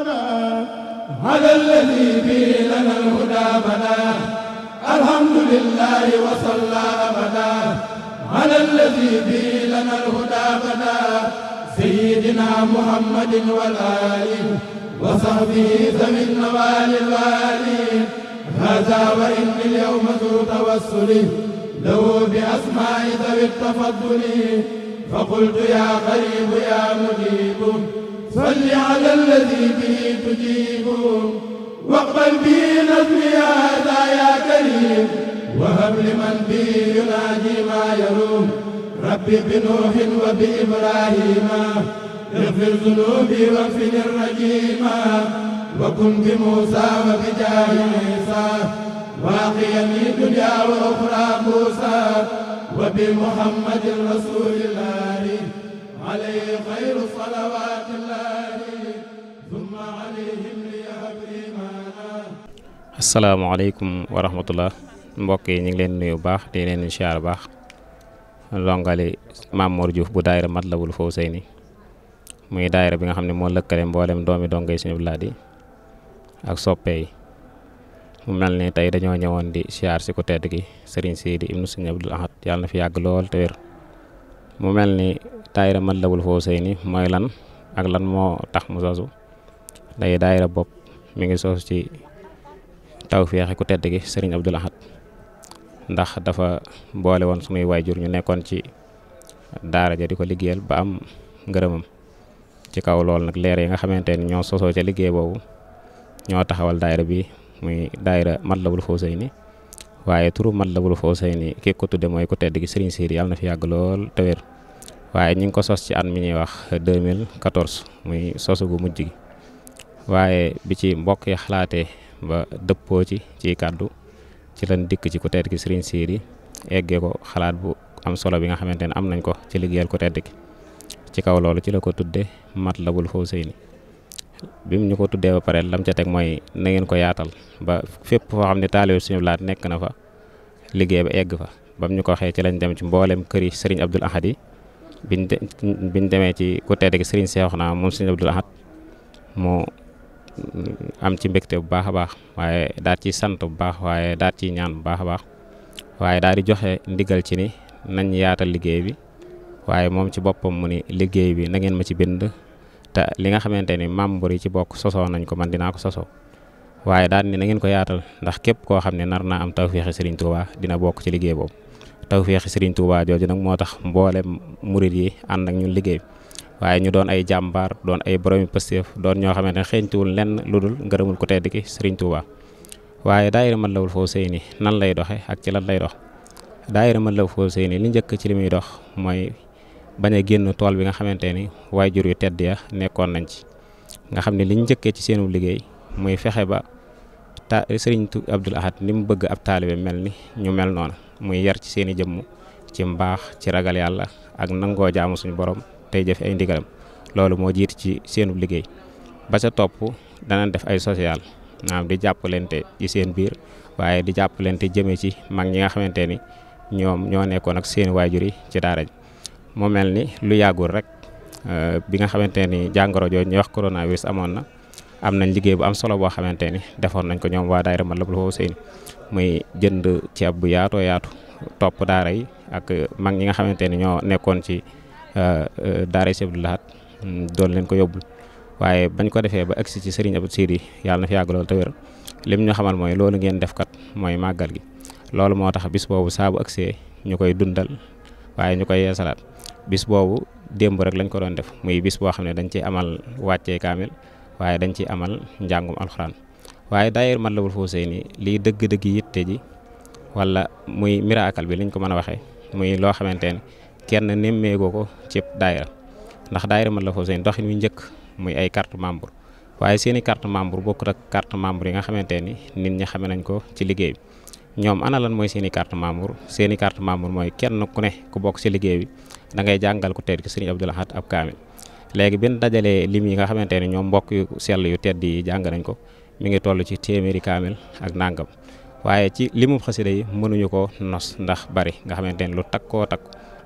ربنا على الذي به لنا الهدى بنا الحمد لله وصلى أبدا على الذي به لنا الهدى بنا سيدنا محمد والآل وصحبه ذوي النوال الوالي هذا وإني اليوم ذو توسل له بأسماء ذوي التفضل فقلت يا غريب يا مجيب صل على الذي به تجيب واقبل بي نفسي هذا يا كريم وهب لمن بي يناجي ما يروم ربي بنوح وبإبراهيم اغفر ذنوبي واغفر الرجيم وكن بموسى وبجاه عيسى واقيني دنيا واخرى موسى وبمحمد رسول الله عليه خير صلوات الله ثم عليهم ليهب إيمانا السلام عليكم ورحمة الله mbokk yi ñu ngi leen nuyu baax di leen siyaar baax longali Maam Mor Diouf bu daayira Matlabul ni muy daayira bi nga xam ne moo lëkkale mboolem doomi dongay suñu bilaat di ak soppe mu mel ni tey dañoo ñëwoon di siyaar si ku tedd gi Serigne Sidi ibnu Serigne Abdoul Ahad yàlla na fi yàgg lool te wér mu mel ni daayira Matlabul Fawzayni mooy lan ak lan moo tax mu sosu day daayira bopp mi ngi sosu ci taw ku tedd gi Serigne Abdoul ndax dafa boole woon sunuy waajur ñu nekkoon ci daara ja ko liggéeyal ba am ngërëmam ci kaw lool nag leer yi nga xamante ni ñoo sosoo ca liggéey boobu ñoo taxawal daayira bi muy daayira Matlabul Fawzayni waaye turu Matlabul Fawzayni ki ko tudde mooy ku tedd gi Serigne Sidi yàlla na fi yàgg lool te waaye ñu ngi ko sos ci at mi ñuy wax 2014 muy sosu gu mujj gi waaye bi ci mbokk yi xalaatee ba dëppoo ci ci kàddu ci lañ dikk ci ku tedd ki Serigne Sidi eggee ko xalaat bu am solo bi nga xamante ne am nañ ko ci liggéeyal ku tedd ci kaw loolu ci la ko tuddee mat tudde Matlabul Fawzayni bi mu ñu ko tuddee ba pare lam ca teg mooy na ngeen ko yaatal ba fépp foo xam ne taalibe suñu laat nekk na fa liggéey ba egg fa bam ñu ko waxee ci lañ dem ci mboolem këri Serigne Abdoul Ahad yi biñ demee ci ku tedd gi sëriñ Seexuna moom sëriñ Abdul Ahad mu am ci mbégte bu baax a baax waaye daal ci sant bu baax waaye daal ci ñaan bu baax a baax waaye daal di joxe ndigal ci ni nañ yaatal liggéey bi waaye moom ci boppam mu ni liggéey bi na ngeen ma ci bind te li nga xamante ni membre yi ci bokk sosoo nañ ko man dinaa ko sosoo waaye daal ni na ngeen ko yaatal ndax képp koo xam ne nar naa am tawféexi Sëriñ Tuubaa dina bokk ci liggéey boobu tawféexi Serigne Touba jooju nag moo tax mboolem murit yi ànd ak ñu liggéey waaye ñu doon ay jàmbaar doon ay boromi pëstéef doon ñoo xamante ne xeeñtuwul lenn lu dul ngërëmul ko tedd ki Serigne Touba waaye daayira man lawul foo sëy ni nan lay doxe ak ci lan lay dox daayira man la foo sëy ni lu njëkk ci li muy dox mooy bañ génn tool bi nga xamante ni jur yu tedd ya nekkoon nañ ci nga xam ne liñ njëkkee ci seenu liggéey muy fexe ba ta Serigne ni mu bëgg ab taalibe mel ni ñu mel noonu muy yar ci seeni jëmm ci mbaax ci ragal yàlla ak nangoo jaamu suñu borom tey jëfe ay ndigalam loolu moo jiit ci seenub liggéey ba ca topp danañ def ay sociale maanaam di jàppalante ci seen biir waaye di jàppalante jëmee ci mag ñi nga xamante ni ñoom ñoo nekkoon ak seeni waajur yi ci daara ji mu mel ni lu yàggul rek euh, bi nga xamante ni jàngoro jooju ñuy wax coronavirus amoon na am nañ liggéey bu am solo boo xamante ni defoon nañ ko ñoom waa daayira Matlabul Fawzayni muy jënd ceeb bu yaatoo yaatu topp daara yi ak mag ñi nga xamante ni ñoo nekkoon ci euh, euh, daara Sëñ Abdou laat doon leen ko yóbbul waaye bañ ko defee ba agsi ci Serigne Abdou Sidi yàlla na fi yàgg te wér lim ñu xamal mooy loolu ngeen defkat mooy màggal gi loolu moo tax bis boobu saabu agsee ñu koy dundal waaye ñu koy yeesalaat bis boobu démb rek lañ ko doon def muy bis boo xam ne dañ ci amal wàccee kaamil waaye dañ ci amal njàngum alxuraan waaye la daayira Matlabul Fawzayni lii dëgg-dëgg yi yitte ji wala muy miraakal bi liñ ko mën a waxee muy loo xamante ne kenn nemmeegoo ko ci daayira ndax daayira Matlabul Fawzayni doxin wi njëkk muy ay carte membre waaye seeni carte membre bokkut ak carte membre yi nga xamante ni nit ñi xame nañ ko ci liggéey bi ñoom ana lan mooy seeni carte membre seeni carte membre mooy kenn ku ne ku bokk ci liggéey bi da ngay jàngal ku tedd ki Sëriñ Abdul Ahad ab kaamil léegi bin dajalee lim yi nga xamante ne ñoom mbokk yu sell yu tedd yi jàng nañ ko mu ngi toll ci téeméeri kaamil ak nàngam waaye ci limu xasida yi mënuñu ko nos ndax bari nga xamante ne lu takkoo takk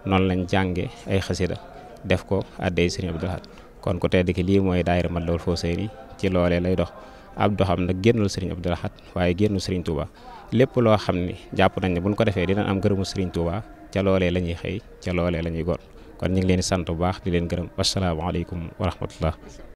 noonu lañ jànge ay xasida def ko addey Sëriñ Abdul kon ku tedd ki lii mooy daayira Matlabul Fawzayni ci loolee lay dox ab doxam nag génnul Sëriñ Abdul Ahad waaye génnul Sëriñ Tuuba lépp loo xam ni jàpp nañ ne buñ ko defee dina am gërëmu Sëriñ Tuuba ca la ñuy xëy ca loolee la ñuy gon kon ñu ngi leen di sant bu baax di leen gërëm wasalaamaaleykum wa rahmatullah